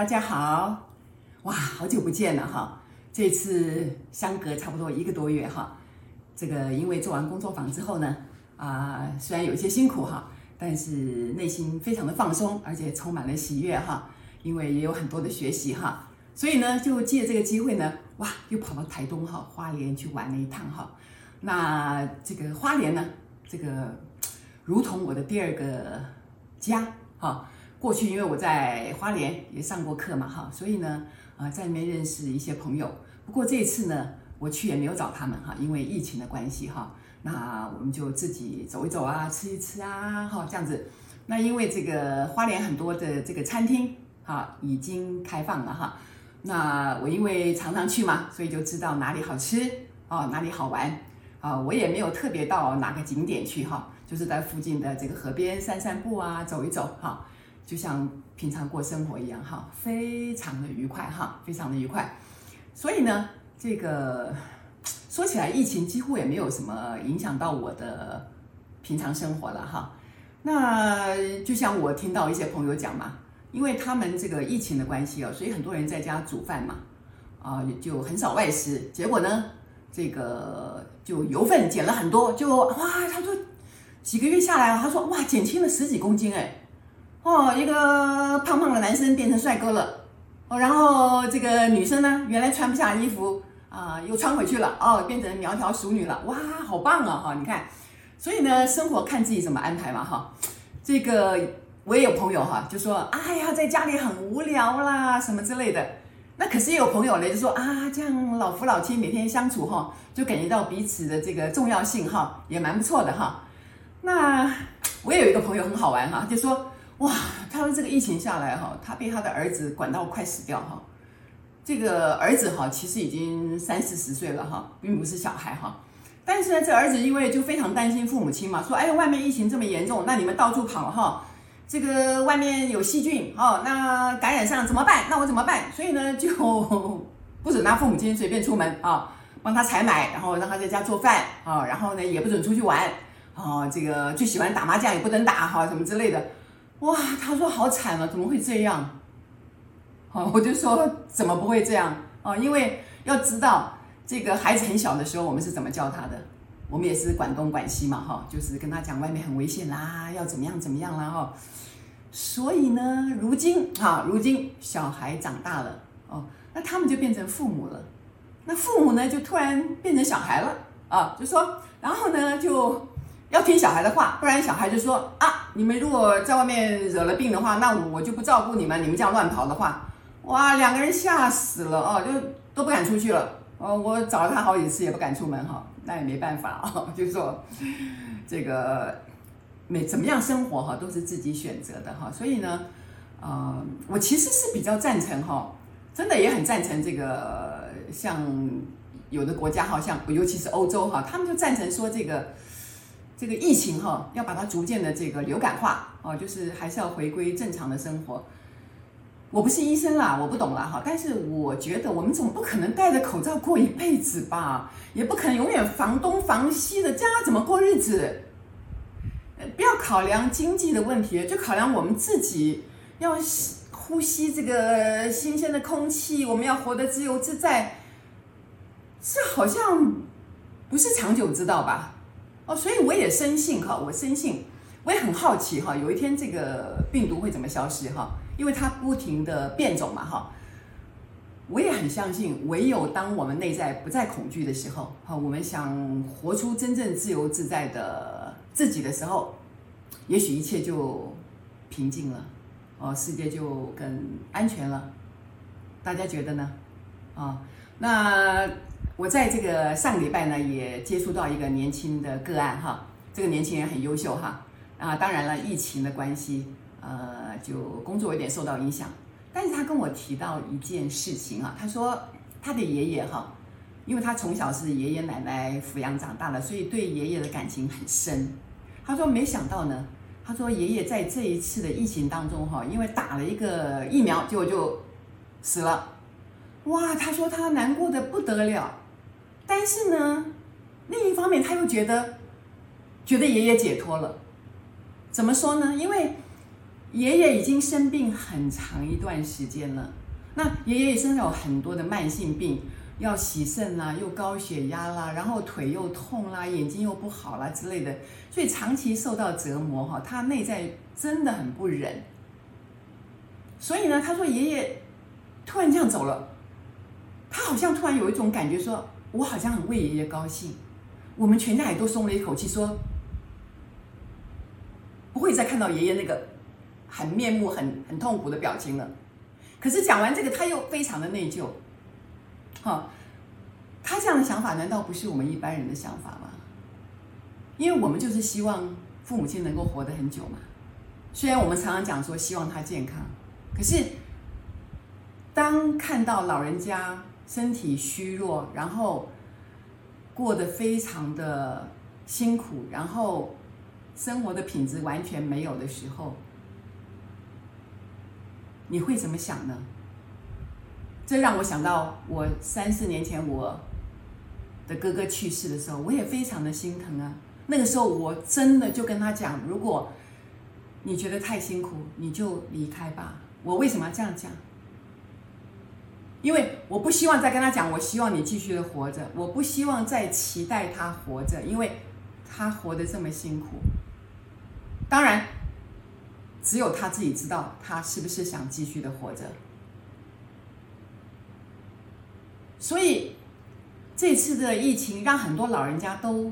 大家好，哇，好久不見了哈！這次相隔差不多一個多月哈，這個因為做完工作坊之後呢，啊，雖然有一些辛苦哈，但是內心非常的放鬆，而且充滿了喜悅哈，因為也有很多的學習哈，所以呢，就借這個機會呢，哇，又跑到台東哈，花蓮去玩了一趟哈。那這個花蓮呢，這個如同我的第二個家哈。過去因為我在花蓮也上過課嘛哈，所以呢，啊，在裡面認識一些朋友。不過這次呢，我去也沒有找他們哈，因為疫情的關係哈。那我們就自己走一走啊，吃一吃啊，哈，這樣子。那因為這個花蓮很多的這個餐廳哈，已經開放了哈。那我因為常常去嘛，所以就知道哪裡好吃哦，哪裡好玩啊。我也沒有特別到哪個景點去哈，就是在附近的這個河邊散散步啊，走一走哈。就像平常過生活一樣哈，非常的愉快哈，非常的愉快。所以呢，這個說起來，疫情幾乎也沒有什麼影響到我的平常生活了哈。那就像我聽到一些朋友講嘛，因為他們這個疫情的關係啊，所以很多人在家煮飯嘛，啊，就很少外食。結果呢，這個就油分減了很多，就哇，他說幾個月下來了，他說哇，減輕了十幾公斤哎。哦，一個胖胖的男生變成帥哥了，哦，然後這個女生呢，原來穿不下衣服啊，呃，又穿回去了，哦，變成苗條淑女了，哇，好棒啊，哈，你看，所以呢，生活看自己怎麼安排嘛，哈，這個我也有朋友哈，就說，哎呀，在家裡很無聊啦，什麼之類的，那可是也有朋友呢，就說啊，這樣老夫老妻每天相處哈，就感覺到彼此的這個重要性哈，也蠻不錯的哈，那我也有一個朋友很好玩哈，就說。哇，他說這個疫情下來哈，他被他的兒子管到快死掉哈。這個兒子哈，其實已經三四十歲了哈，並不是小孩哈。但是呢，這兒子因為就非常擔心父母親嘛，說哎呦，外面疫情這麼嚴重，那你們到處跑哈，這個外面有細菌哦，那感染上怎麼辦？那我怎麼辦？所以呢，就不准他父母親隨便出門啊，幫他採買，然後讓他在家做飯啊，然後呢也不准出去玩啊，這個就喜歡打麻將也不能打哈，什麼之類的。哇，他說好慘了，怎麼會這樣？哦，我就說怎麼不會這樣？哦，因為要知道，這個孩子很小的時候，我們是怎麼教他的？我們也是管東管西嘛，哈、哦，就是跟他講外面很危險啦，要怎麼樣怎麼樣啦，哈、哦。所以呢，如今啊、哦，如今小孩長大了，哦，那他們就變成父母了，那父母呢，就突然變成小孩了，啊、哦，就說，然後呢，就。要聽小孩的話，不然小孩就說啊，你們如果在外面惹了病的話，那我就不照顧你們。你們這樣亂跑的話，哇，兩個人嚇死了啊、哦，就都不敢出去了。哦、呃，我找了他好幾次也不敢出門哈、哦，那也沒辦法啊、哦。就說這個每怎麼樣生活哈、哦，都是自己選擇的哈、哦。所以呢，啊、呃，我其實是比較贊成哈、哦，真的也很贊成這個，像有的國家好像尤其是歐洲哈、哦，他們就贊成說這個。這個疫情哈、哦，要把它逐漸的這個流感化哦，就是還是要回歸正常的生活。我不是醫生啦，我不懂啦哈，但是我覺得我們總不可能戴着口罩過一輩子吧，也不可能永遠防東防西的，這樣怎麼過日子？不要考量經濟的問題，就考量我們自己，要呼吸這個新鮮的空氣，我們要活得自由自在，這好像不是長久之道吧。哦，所以我也深信哈，我深信，我也很好奇哈，有一天這個病毒會怎麼消失哈？因為它不停地變種嘛哈。我也很相信，唯有當我們內在不再恐懼的時候，哈，我們想活出真正自由自在的自己的時候，也許一切就平靜了，哦，世界就更安全了。大家覺得呢？啊？那我在這個上禮拜呢，也接觸到一個年輕的個案哈，這個年輕人很優秀哈啊，當然了，疫情的關係，呃，就工作有點受到影響。但是他跟我提到一件事情啊，他說他的爺爺哈，因為他從小是爺爺奶奶撫養長大的，所以對爺爺的感情很深。他說沒想到呢，他說爺爺在這一次的疫情當中哈，因為打了一個疫苗，結果就死了。哇，他說他難過得不得了，但是呢，另一方面他又覺得，覺得爺爺解脫了，怎麼說呢？因為爺爺已經生病很長一段時間了，那爺爺也身上有很多的慢性病，要洗腎啦，又高血壓啦，然後腿又痛啦，眼睛又不好啦之類的，所以長期受到折磨哈，他內在真的很不忍。所以呢，他說爺爺突然這樣走了。他好像突然有一種感覺，說：“我好像很為爺爺高興。”我們全家也都鬆了一口氣，說：“不會再看到爺爺那個很面目很、很很痛苦的表情了。”可是講完這個，他又非常的內疚。哈、哦，他這樣的想法難道不是我們一般人的想法嗎？因為我們就是希望父母親能夠活得很久嘛。雖然我們常常講說希望他健康，可是當看到老人家，身體虛弱，然後過得非常的辛苦，然後生活的品質完全沒有的時候，你會怎麼想呢？這讓我想到我三四年前我的哥哥去世的時候，我也非常的心疼啊。那個時候我真的就跟他講，如果你覺得太辛苦，你就離開吧。我為什麼要這樣講？因為我不希望再跟他講，我希望你繼續的活着，我不希望再期待他活着，因為他活得這麼辛苦。當然，只有他自己知道他是不是想繼續的活着。所以這次的疫情讓很多老人家都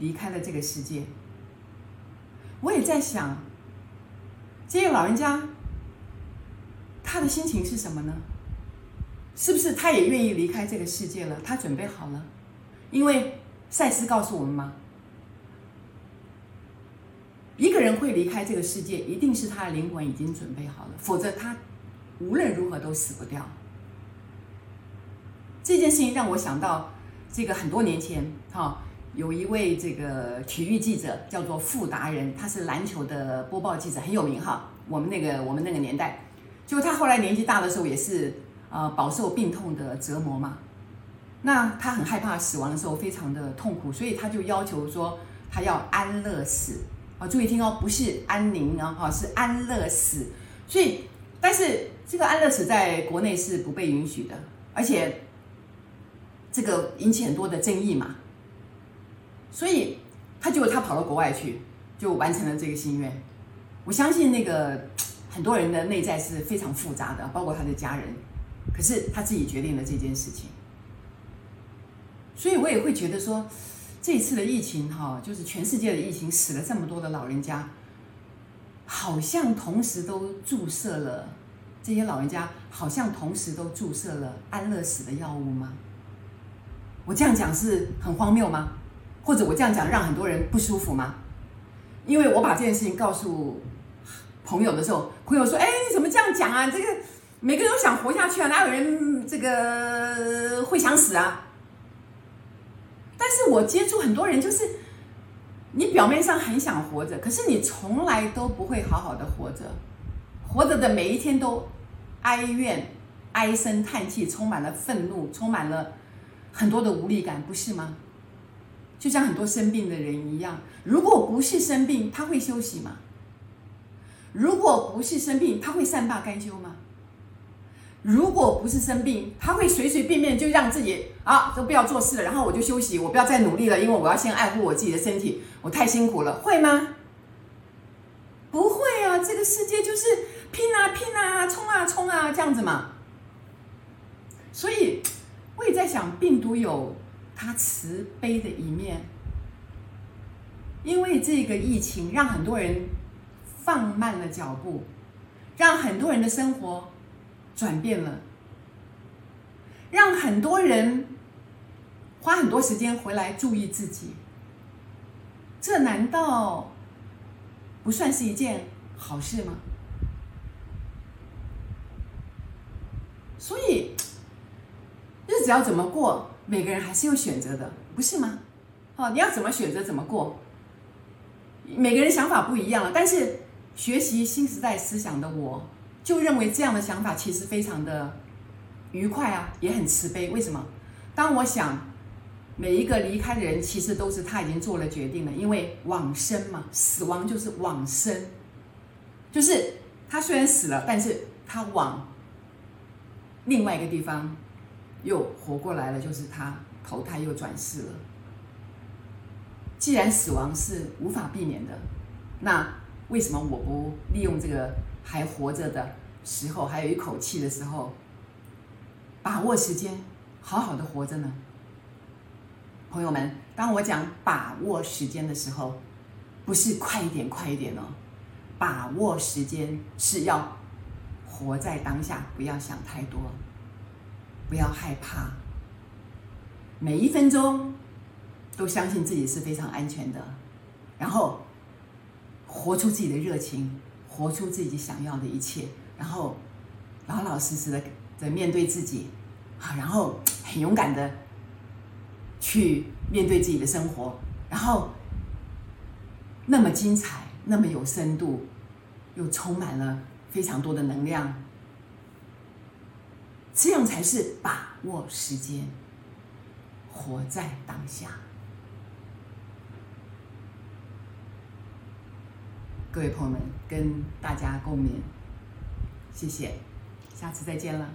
離開了這個世界。我也在想，這個老人家他的心情是什麼呢？是不是他也願意離開這個世界了？他準備好了，因為賽斯告訴我們嗎，一個人會離開這個世界，一定是他的靈魂已經準備好了，否則他無論如何都死不掉。這件事情讓我想到，這個很多年前哈，哦，有一位這個體育記者叫做傅達人，他是籃球的播報記者，很有名哈。我們那個我們那個年代，就他後來年紀大的時候也是。啊、呃，飽受病痛的折磨嘛，那他很害怕死亡的時候非常的痛苦，所以他就要求說他要安樂死啊、哦，注意聽哦，不是安寧啊，哈，是安樂死。所以，但是這個安樂死在國內是不被允許的，而且這個引起很多的爭議嘛，所以他就他跑到國外去就完成了這個心願。我相信那個很多人的內在是非常複雜的，包括他的家人。可是他自己決定了這件事情，所以我也會覺得說，這一次的疫情哈，就是全世界的疫情死了這麼多的老人家，好像同時都注射了，這些老人家好像同時都注射了安樂死的藥物嗎？我這樣講是很荒謬嗎？或者我這樣講讓很多人不舒服嗎？因為我把這件事情告訴朋友的時候，朋友說：“誒，你怎麼這樣講啊？這個。”每個人都想活下去啊，哪有人這個會想死啊？但是我接觸很多人，就是你表面上很想活着，可是你從來都不會好好的活着，活着的每一天都哀怨、唉聲嘆氣，充滿了憤怒，充滿了很多的無力感，不是嗎？就像很多生病的人一樣，如果不是生病，他會休息嗎？如果不是生病，他會善罷甘休嗎？如果不是生病，他會隨隨便便就讓自己啊，都不要做事了，然後我就休息，我不要再努力了，因為我要先愛護我自己的身體，我太辛苦了，會嗎？不會啊，這個世界就是拼啊拼啊，衝啊衝啊，這樣子嘛。所以我也在想，病毒有它慈悲的一面，因為這個疫情讓很多人放慢了腳步，讓很多人的生活，轉變了，讓很多人花很多時間回來注意自己，這難道不算是一件好事嗎？所以，日子要怎麼過，每個人還是有選擇的，不是嗎？哦，你要怎麼選擇怎麼過，每個人想法不一樣了。但是，學習新時代思想的我。就認為這樣的想法其實非常的愉快啊，也很慈悲。為什麼？當我想每一個離開的人，其實都是他已經做了決定了，因為往生嘛，死亡就是往生，就是他雖然死了，但是他往另外一個地方又活過來了，就是他投胎又轉世了。既然死亡是無法避免的，那為什麼我不利用這個？還活着的時候，還有一口氣的時候，把握時間，好好的活着呢。朋友們，當我講把握時間的時候，不是快一點，快一點哦，把握時間是要活在當下，不要想太多，不要害怕，每一分鐘都相信自己是非常安全的，然後活出自己的熱情。活出自己想要的一切，然後老老實實的在面對自己，啊，然後很勇敢的去面對自己的生活，然後那麼精彩，那麼有深度，又充滿了非常多的能量，這樣才是把握時間，活在當下。各位朋友們，跟大家共勉，謝謝，下次再見了。